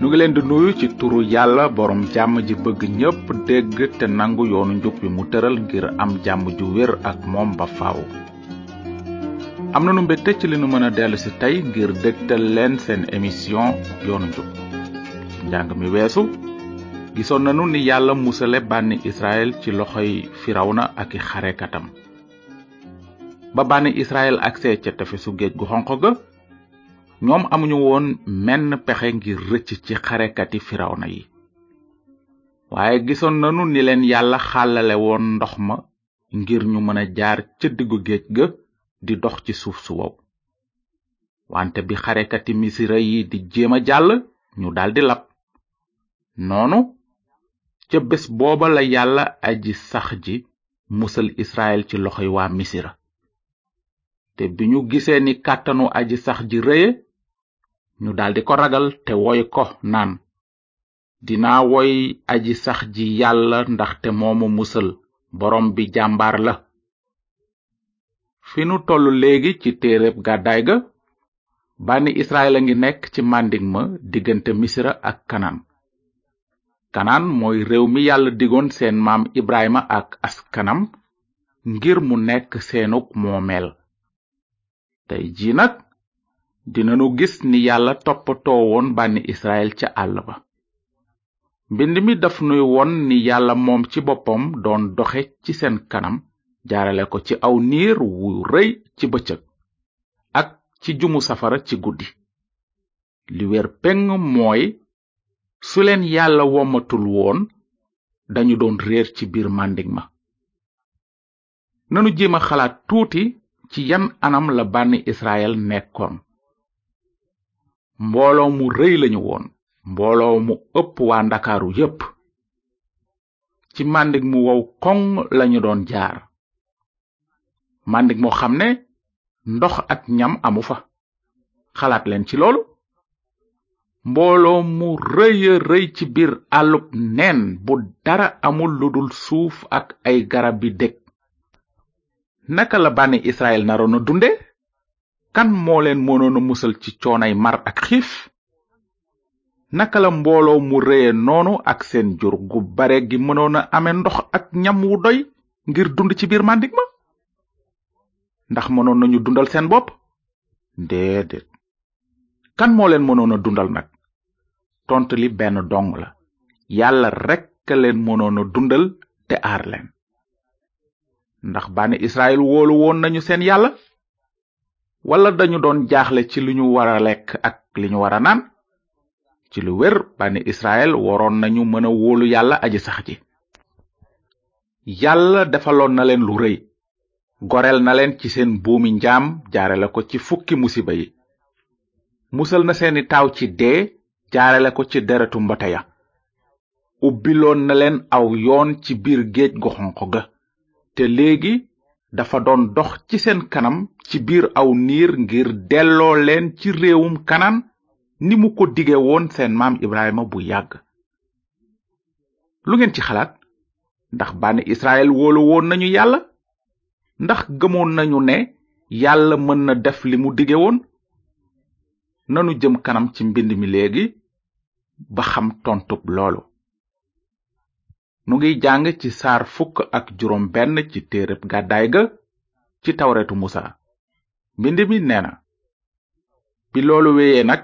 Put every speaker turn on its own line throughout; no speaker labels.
ñu ngi leen di nuyu ci turu yàlla borom jàmm ji bëgg ñépp dégg te nangu yoonu njub bi mu tëral ngir am jàmm ju wér ak moom ba faaw. am na nu mbégte ci li nu mën a dellu si tey ngir dégtal leen seen émission yoonu njub njàng mi weesu gisoon nanu ni yàlla musale bànni israel ci loxoy na ak i xarekatam ba bànni israel agsee ca tefesu géej gu xonq ga ñoom amuñu woon menn pexe ngir rëcc ci xarekati firawna yi waaye gisoon nanu ni leen yàlla xàllale woon ndox ma ngir ñu mën a jaar ca diggu géej ga di dox ci suuf su wow wante bi xarekati misira yi di jéem a jàll ñu daldi lab noonu ca bés booba la yàlla aji sax ji musal israel ci loxoy waa misira te bi ñu gisee ni kàttanu aji sax ji rëye ñu daldi ko ragal te woy ko naan dinaa woy aji sax ji yàlla ndaxte moomu musal boroom bi jàmbaar la fi nu tollu léegi ci téereb gàddaay ga bànni israel a ngi nekk ci màndig ma diggante misra ak kanaan kanaan mooy réew mi yàlla diggoon seen maam ibrahima ak askanam ngir mu nekk seenug moomeel tey ji nag dinanu gis ni yàlla toppatoo woon bànni israel ca àll ba mbind mi daf nuy won ni yàlla moom ci boppam doon doxe ci seen kanam jaarale ko ci aw niir wu rëy ci bëccëg ak ci jumu safara ci guddi li peng mooy su leen yàlla womatul woon dañu doon réer ci biir màndik ma nanu jéem a xalaat tuuti ci yan anam la bànni israel nekkoon mbooloo mu rëy lañu woon mbooloo mu ëpp waa ndakaaru yépp ci màndig mu wow koŋ lañu doon jaar màndig moo xam ne ndox ak ñam amu fa xalaat leen ci loolu mbooloo mu rëya rëy ci biir àllub nen bu dara amul lu dul suuf ak ay garab bi dég naka la bànni israel naroon a dunde kan moo leen mënoon musal ci coonay mar ak xiif naka la mbooloo mu rëye noonu ak seen jur gu bare gi mënoon a ame ndox ak ñam wu doy ngir dund ci biir màndik ma ndax mënoon nañu dundal seen bopp déedéet kan moo leen mënoon a dundal nag tont li benn dong la yàlla rekk leen mënoon a dundal te aar leen ndax bànni israel wóolu woon nañu seen yàlla wala dañu doon jaaxle ci li ñu war a lekk ak li ñu war a naan ci lu wér bani israel waroon nañu mën a wóolu yàlla aji sax ji yàlla defaloon na leen lu rëy goreel na leen ci seen buumi njaam jaare la ko ci fukki musiba yi musal na seeni taaw ci dee jaare la ko ci deretu mbote ya ubbiloon na leen aw yoon ci biir géej gu xonq ga te léegi dafa doon dox ci seen kanam ci biir aw niir ngir delloo leen ci réewum kanaan ni mu ko dige woon seen maam Ibrahima bu yàgg lu ngeen ci xalaat ndax bànni Israël wóolu nañu yàlla ndax gëmoon nañu ne yàlla mën na def li mu dige woon nanu jëm kanam ci mbind mi léegi ba xam tontub loolu nu ngi jàng ci saar fukk ak juróom benn ci téereb gàddaay ga ci tawretu musa mbind mi nee na bi loolu wéyee nag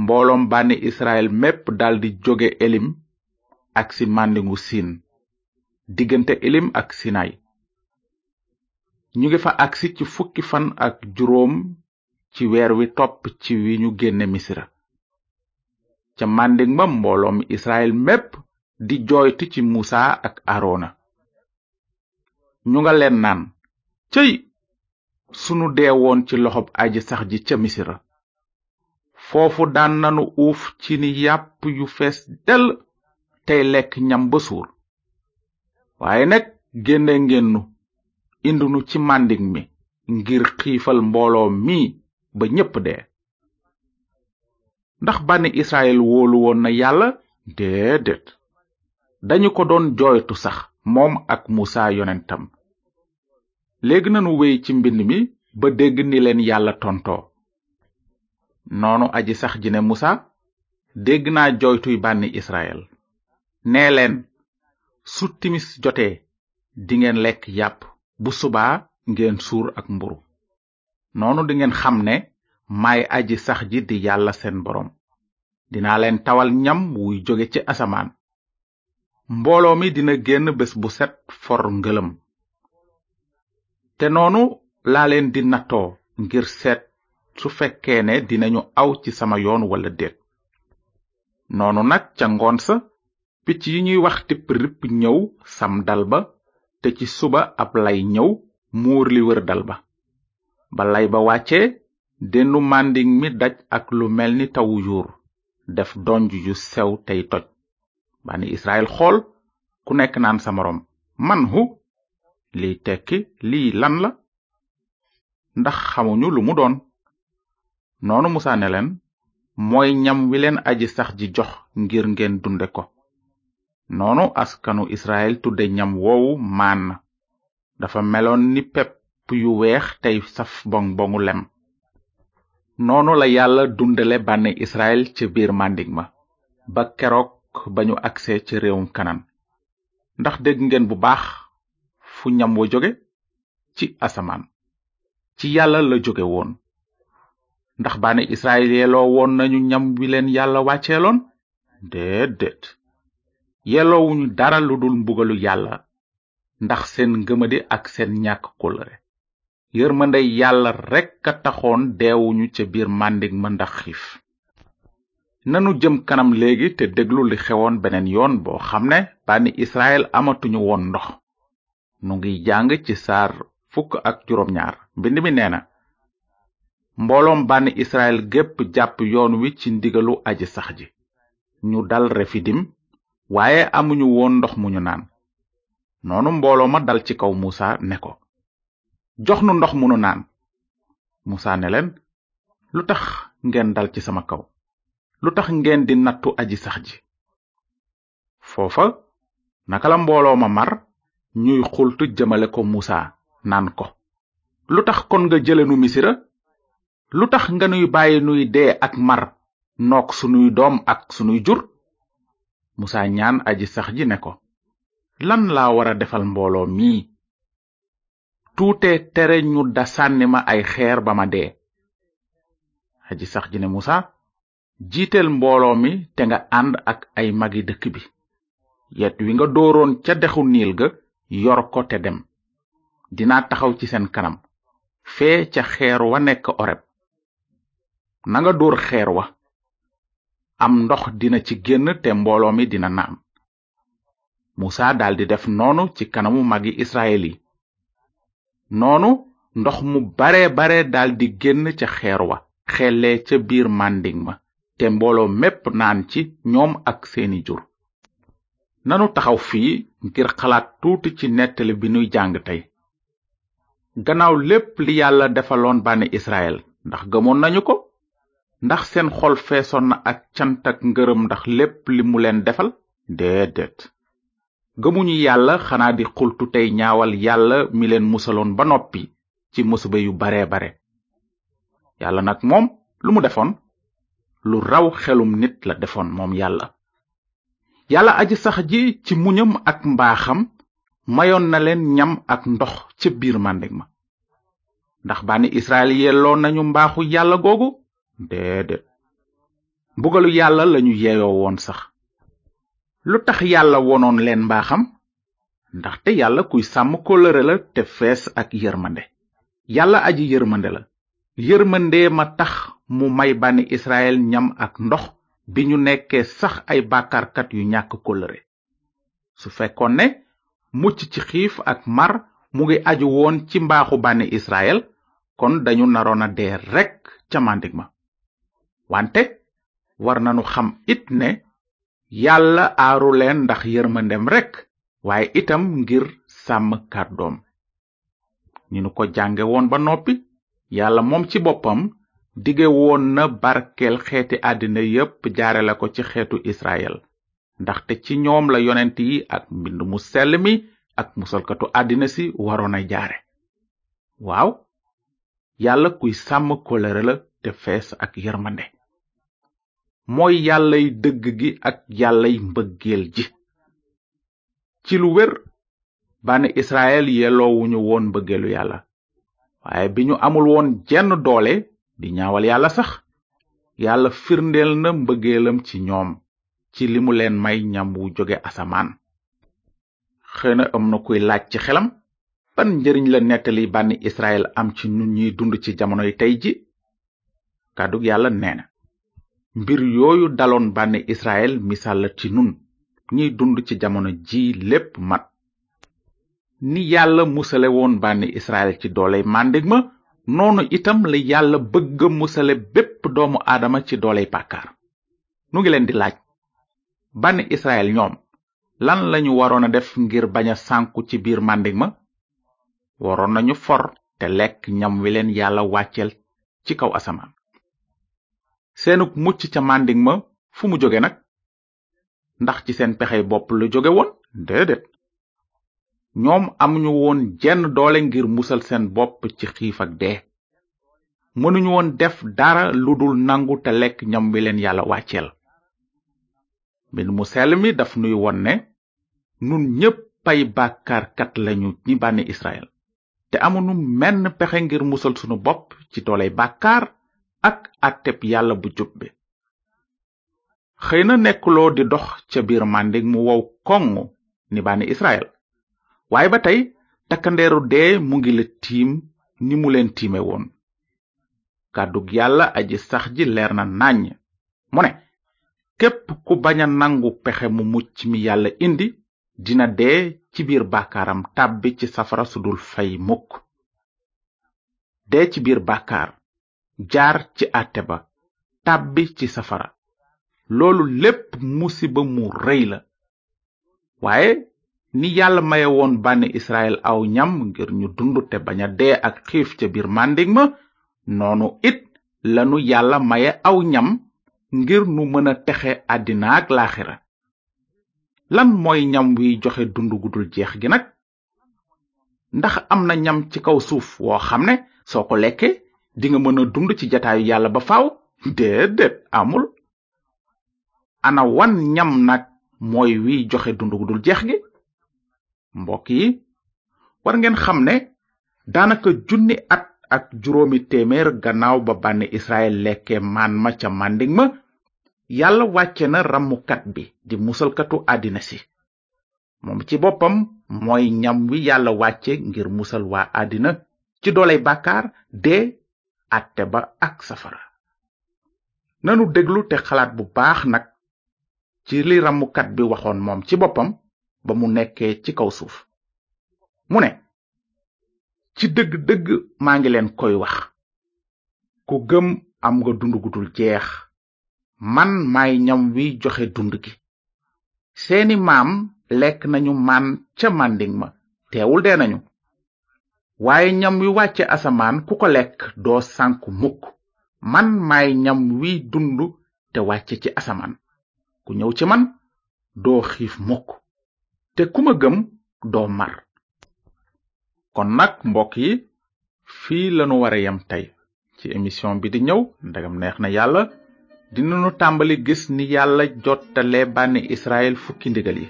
mbooloom bànni israel mépp daldi jóge elim ak si màndingu siin diggante elim ak sinaay ñu ngi fa agsi ci fukki fan ak juróom ci weer wi topp ci wi ñu génne misira ca mànding ma mbooloom israel mépp di jooytu ci musa ak arona ñu nga leen naan céy sunu deewoon ci loxob aj sax ji ca misira foofu daan nanu uuf ci ni yàpp yu fees dell tey lekk ñam ba suur waaye nag génne ngeen nu ci màndik mi ngir xiifal mbooloo mi ba ñépp dee ndax bànni israel wóolu woon na yàlla déedéet dañu ko doon jooytu sax moom ak muusa yonentam léegi nanu wéy ci mbind mi ba dégg ni leen yàlla tontoo noonu aji sax ji ne musa dégg naa jooytuy bànni israel nee leen su timis jotee dingeen lekk yàpp bu subaa ngeen suur ak mburu noonu dingeen xam ne may aji sax ji di yàlla seen boroom dinaa leen tawal ñam wuy jóge ci asamaan mbooloo mi dina génn bés bu set for ngëlëm te noonu laa leen di nattoo ngir seet su fekkee ne dinañu aw ci sama yoon wala déet noonu nag ca ngoon sa picc yi ñuy wax tipp ripp ñëw sam dal ba te ci suba ab lay ñëw muur li wër dal ba ba lay ba wàccee dennu màndin mi daj ak lu mel ni tawu yuur def donj yu sew tey toj bani israel xool ku nekk naan sa moroom man hu liy tekki lii lan la ndax xamuñu lu mu doon noonu musa ne leen mooy ñam wi leen aji sax ji jox ngir ngeen dunde ko noonu askanu israel tudde ñam woowu maan dafa meloon ni pepp yu weex tey saf bong bongu lem noonu la yàlla dundale bànni israel ca biir màndig ma ba keroog ba ñu agsee ca réewum kanaan ndax dégg ngeen bu baax fu ñam wa jóge ci asamaan ci yàlla la jóge woon ndax baane israel yelloo woon nañu ñam wi leen yàlla wàcceeloon déedéet yelloowuñu dara lu dul mbugalu yàlla ndax seen ngëmadi ak seen ñàkk kóllëre yërmande yàlla rekk a taxoon deewuñu ca biir màndig ma ndax xiif nanu jëm kanam léegi te déglu li xewoon beneen yoon boo xam ne bànni israel amatuñu woon ndox nu ngi jàng ci saar fukk ak juróom ñaar mbind mi nee na mbooloom banni israel gépp jàpp yoon wi ci ndigalu aji sax ji ñu dal refidim waaye amuñu woon ndox mu ñu naan noonu mbooloo ma dal ci kaw muusa ne ko jox nu ndox mu nu naan muusa ne leen lu tax ngeen dal ci sama kaw lu tax ngeen di nattu aji sax ji foofa naka la mbooloo ma mar ñuy xultu jëmale ko musa naan ko lu tax kon nga jëlenu misira lu tax nga nuy bàyyi nuy dee ak mar nok sunuy doom ak sunuy jur musa ñaan aji sax ji ne ko lan laa wara defal mbooloo mii tuute tere ñu da sànni ma ay xeer ba ma dee aji sax ji ne musa jiiteel mbooloo mi te nga ànd ak ay magi dëkk bi yet wi nga dooroon ca dexu niil ga yor ko te dem dinaa taxaw ci seen kanam fee ca xeer wa nekk oreb nanga dóor xeer wa am ndox dina ci génn te mbooloo mi dina naan musa daldi def noonu ci kanamu magi israel yi noonu ndox mu bare bare daldi génn ca xeer wa xellee ca biir màndin ma te mbooloo mépp naan ci ñoom ak seeni jur nanu taxaw fii ngir xalaat tuuti ci nettali bi nuy jàng tey gannaaw lépp li yàlla defaloon bànni israel ndax gëmoon nañu ko ndax seen xol feesoon na ak cant ak ngërëm ndax lépp li mu leen defal déedéet gëmuñu yàlla xanaa di xultu tey ñaawal yàlla mi leen musaloon ba noppi ci musiba yu bare bare yàlla nag moom lu mu defoon lu raw xelum nit la defoon moom yàlla yàlla aji sax ji ci muñam ak mbaaxam mayoon na leen ñam ak ndox ci biir màndig ma ndax bànni israel yelloo nañu mbaaxu yàlla googu déedéet mbugalu yàlla lañu yeeyoo woon sax lu tax yàlla wonoon leen mbaaxam ndaxte yàlla kuy sàmm kóllëre la te fees ak yërmande yàlla aji yërmande la yërmande ma tax mu may bànni israel ñam ak ndox bi ñu nekkee sax ay bàkkaarkat yu ñàkk kóllëre su fekkoon ne mucc ci xiif ak mar mu ngi aju woon ci mbaaxu bànni israel kon dañu naroon a dee rekk ca màndig ma wante war na nanu xam it ne yàlla aaru leen ndax yërmandem rekk waaye itam ngir sàmm kàddoom ni nu ko jànge ba noppi yàlla moom ci boppam dige woon na barkeel xeeti àddina yépp jaare la ko ci xeetu israel ndaxte ci ñoom la yonent yi ak mbind mu sell mi ak musalkatu àddina si waroon a jaare waaw yàlla kuy sàmm kóllëre la te fees ak yërmande mooy yàllay dëgg gi ak yàllay mbëggeel ji ci lu wér bànni israel yelloowuñu woon mbëggeelu yàlla waaye bi ñu amul woon jenn doole di ñaawal yàlla sax yàlla firndeel na mbëggeelam ci ñoom ci limu leen may ñam wu jóge asamaan xëy na am na koy laaj ci xelam ban njëriñ la nettali bànni israel am ci ñun ñuy dund ci jamonoy tey ji kàddug yàlla nee mbir yooyu daloon bànni israel misaal ci nun ñiy dund ci jamono ji lépp mat ni yàlla musale woon bànni israel ci dooley màndig ma noonu itam la yàlla bëgga musale bépp doomu aadama ci dooley bàkkaar nu ngi leen di laaj bann israel ñoom lan lañu waroon a def ngir bañ a sànku ci biir màndig ma waroon nañu for te lekk ñam wi leen yàlla wàcceel ci kaw asamaan seenuk mucc ca màndik ma fu mu jóge nag ndax ci seen pexey bopp lu jóge woon déedéet ñoom amuñu woon jenn doole ngir musal seen bopp ci xiif ak dee mënuñu woon def dara lu dul nangu te lekk ñam bi leen yàlla ceel mbind mu sell mi daf nuy won ne nun ñépp pay bàkkaarkat lañu ñi bànni israel te amunu menn pexe ngir musal sunu bopp ci dooley bàkkaar ak àtteb yàlla bu jub bi xëy na nekkuloo di dox ca biir màndig mu wow koŋ ni bànni israel waaye ba tey takkandeeru dee mu ngi la tiim ni mu leen tiime woon kàddug yàlla aji sax ji leer na nàññ mu ne képp ku bañ a nangu pexe mu mucc mi yàlla indi dina dee ci biir bàkkaaram tàbbi ci safara su dul fay mukk dee ci biir bàkkaar jaar ci àtte ba tàbbi ci safara loolu lépp musiba mu rëy la waaye ni yàlla maye woon bànni israel aw ñam ngir ñu dund te bañ dee ak xiif ca biir màndig ma noonu it lanu yàlla maye aw ñam ngir nu mën a texe àddina ak lan mooy ñam wiy joxe dund gudul jeex gi nag ndax am na ñam ci kaw suuf woo xam ne soo ko lekkee dinga mën a dund ci jataayu yàlla ba faaw déedéet amul ana wan ñam nag mooy wiy joxe dund gudul jeex gi mbokk yi war xam ne daanaka junni at ak juróomi téeméer gannaaw ba bànni israel lekke maan ma ca màndig ma yàlla wàcce na ramukat bi di musalkatu àddina si moom ci boppam mooy ñam wi yàlla wàcce ngir musal waa àddina ci dooley bàkkaar dee àtte ba ak safara nanu déglu te xalaat bu baax nag ci li ramukat bi waxoon moom ci boppam ba mu nekkee ci kaw suuf mu ne ci dëgg-dëgg maa ngi leen koy wax ku gëm am nga dund gu jeex man maay ñam wi joxe dund gi seeni maam lekk nañu man ca mànding ma teewul dee nañu waaye ñam wi wàcce asamaan ku ko lekk doo sànku mukk man maay ñam wi dund te wàcce ci asamaan ku ñëw ci man doo xiif mukk te ku ma gëm doo mar kon nag mbokk yi fii lanu wara yam tey ci émission bi di ñëw ndegam neex na yàlla dinanu tàmbali gis ni yàlla jottale bànni israel fukki ndigal yi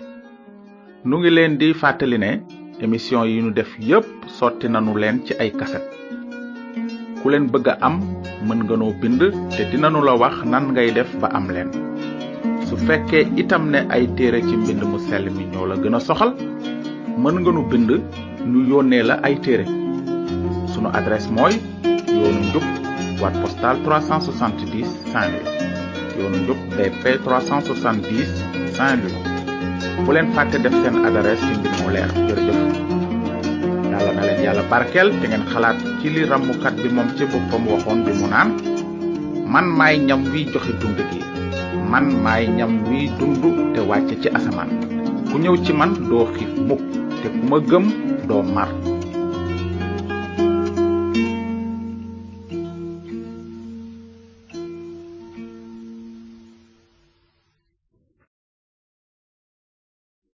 nu ngi leen di fàttali ne émission yi ñu def yépp sotti nanu leen ci ay kaset ku leen bëgg a am mën nga noo bind te dinanu la wax nan ngay def ba am leen su fekkee itam ne ay téere ci mbind mu sell mi ñoo la gën a soxal mën nga nu bind ñu yónnee la ay téere sunu adresse mooy yoonu njub boîte postale 370 Saint-Louis yoonu njub BP leen fàtte def seen adresse ci mbir mu leer jërëjëf yàlla na leen yàlla barkeel te ngeen xalaat ci li ràmmukat bi moom ci boppam waxoon bi mu naan man maay ñam wiy joxe dund gi man maay ñam wiy dund te wàcce ci asamaan ku ñëw ci man doo xiif mukk te ku ma gëm doo mar